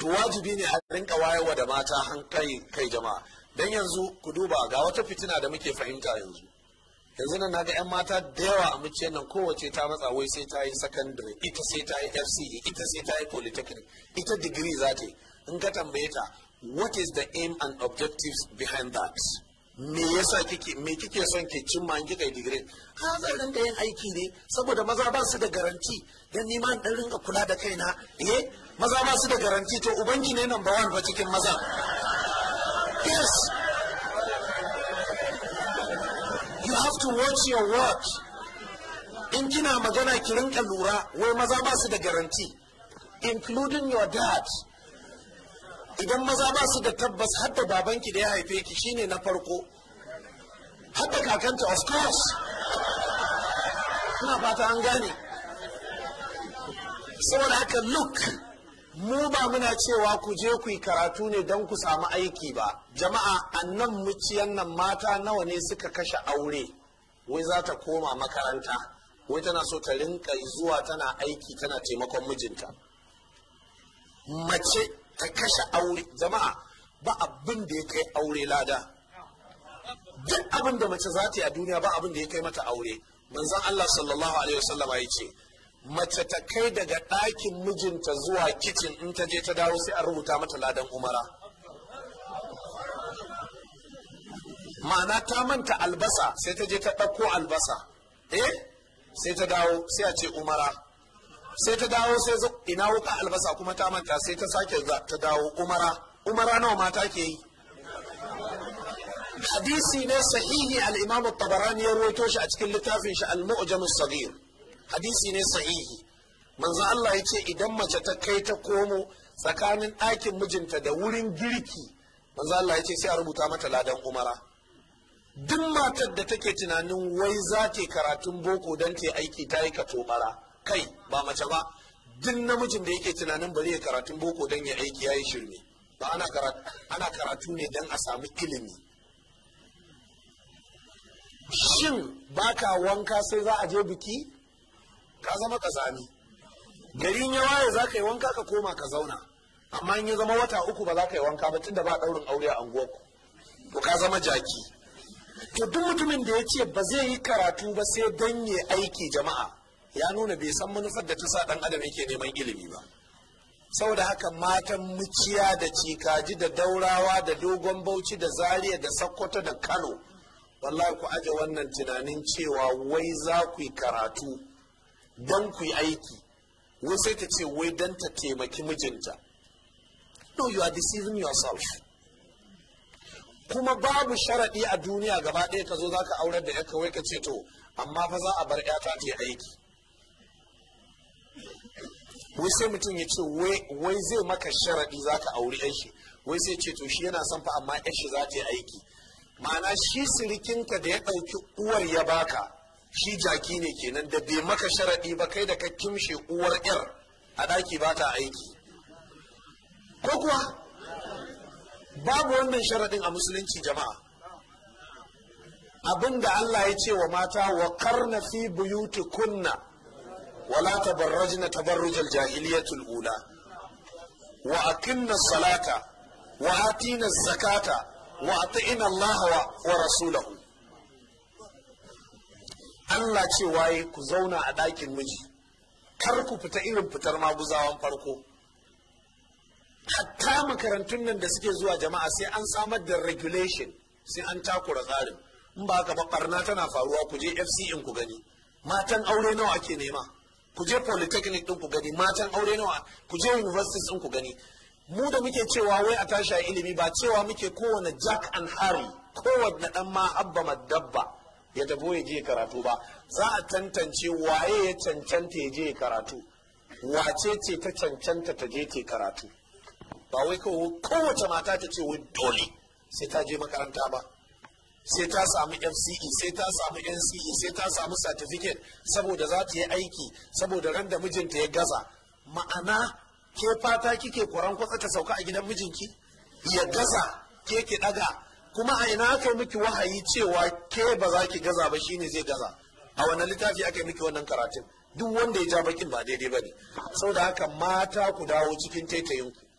to wajibi ne a rinka wayarwa da mata hankali kai jama'a dan yanzu ku duba ga wata fitina da muke fahimta yanzu yanzu nan ga yan mata da yawa a muciyar nan kowace ta matsa wai sai ta yi secondary ita sai ta yi fce ita sai ta yi polytechnic ita digiri za ta yi in ka tambaye ta what is the aim and objectives behind that me yasa kike me kike son ke cimma in kika digire ha zan rinka yin aiki ne saboda maza ba su da garanti dan ni ma dan rinka kula da kaina eh maza ba su da garanti to ubanki ne number one ba cikin maza yes you have to watch your words in kina magana ki rinka lura wai maza ba su da garanti including your dad idan maza ba su da tabbas hatta babanki da ya haife ki shine na farko hatta kakanta of course ina fata an gane saboda haka look mu ba muna cewa ku je ku yi karatu ne don ku samu aiki ba jama'a annan muciyan nan mata nawa ne suka kashe aure wai za ta koma makaranta wai tana so ta rinka zuwa tana aiki tana taimakon mijinta mace ta kashe aure jama'a ba abin da ya kai aure lada duk abin da mace za ta yi a duniya ba abin da ya kai mata aure manzon Allah sallallahu alaihi wasallama ya ce mace ta kai daga ɗakin mijinta zuwa kicin in ta je ta dawo sai a rubuta mata ladan umara ma'ana ta manta albasa sai ta je ta ɗauko albasa eh sai ta dawo sai a ce umara sai ta dawo sai ina wuka albasa kuma ta manta sai ta sake ta dawo umara umara nawa mata ke yi hadisi ne sahihi al-imam at-tabarani ya rawaito shi a cikin littafin shi al-mu'jam as-saghir hadisi ne sahihi manzo Allah ya ce idan mace ta kai ta komo tsakanin ɗakin mijinta da wurin girki manzo Allah ya ce sai a rubuta mata ladan umara duk matar da take tunanin wai za ta karatun boko don ta aiki ta yi katobara kai ba mace ba duk namijin da yake tunanin bari ya karatun boko don ya aiki ya yi shirme ba ana karatu, ne don a samu ilimi shin ba ka wanka sai za a je biki ka zama ka kasami garin ya waye za ka yi wanka ka koma ka zauna amma in ya zama wata uku ba za ka yi wanka ba tunda ba daurin aure a unguwarku to ka zama jaki to duk mutumin da ya ce ba zai yi karatu ba sai dan ya aiki jama'a ya nuna bai san manufar da ta sa dan adam yake neman ilimi ba saboda haka matan muciya da cikaji da daurawa da dogon bauchi da Zariya da sakkwato da kano wallahi ku aje wannan tunanin cewa wai za ku yi karatu don ku yi aiki wai sai ta ce wai don ta taimaki mijinta no you are deceiving yourself kuma babu sharaɗi a duniya gaba ɗaya ka zo za ka aurar da yaka wai ka ce to amma fa za a bar 'yata ta aiki wai sai mutum ya ce wai zai maka sharaɗi za ka auri yan shi wai sai ce to shi yana son fa amma yan shi za ta yi aiki ma'ana shi sirikinka da ya ɗauki uwar ya baka shi jaki ne kenan da bai maka sharaɗi ba kai da ka kimshe uwar yar a ɗaki ba ta aiki ko kuwa babu wannan sharaɗin a musulunci jama'a abin da Allah ya ce wa mata wa karna fi buyuti kunna wala tabarrajna tabarrujal jahiliyatul ula wa الصلاة salata الزكاة atina zakata ورسوله Allah ce waye ku zauna a ɗakin miji kar ku fita irin fitar maguzawan farko hatta makarantun nan da suke zuwa jama'a sai an samar da regulation sai an takura tsarin in ba ka ba tana faruwa ku je fc in ku gani matan aure nawa ake nema ku je polytechnic din ku gani matan aure nawa ku je universities din ku gani mu da muke cewa wai a tashi a ilimi ba cewa muke kowane jack and harry kowanne dan ma abba madabba ya tafi ya je karatu ba za a tantance waye ya cancanta ya je karatu wace ce ta cancanta ta je ta karatu ba wai kowace mata ta ce wai dole sai ta je makaranta ba sai ta samu mce sai ta samu nce sai ta samu certificate saboda za ta yi aiki saboda ran da mijinta ya gaza ma'ana ke fata kike kwaran kwatsa ta sauka a gidan mijinki ya gaza ke ki daga kuma a ina aka miki wahayi cewa ke ba za ki gaza ba shine zai gaza a wannan littafi aka yi miki wannan karatun duk wanda ya ja bakin ba daidai ba ne saboda haka mata ku dawo cikin taitayinku.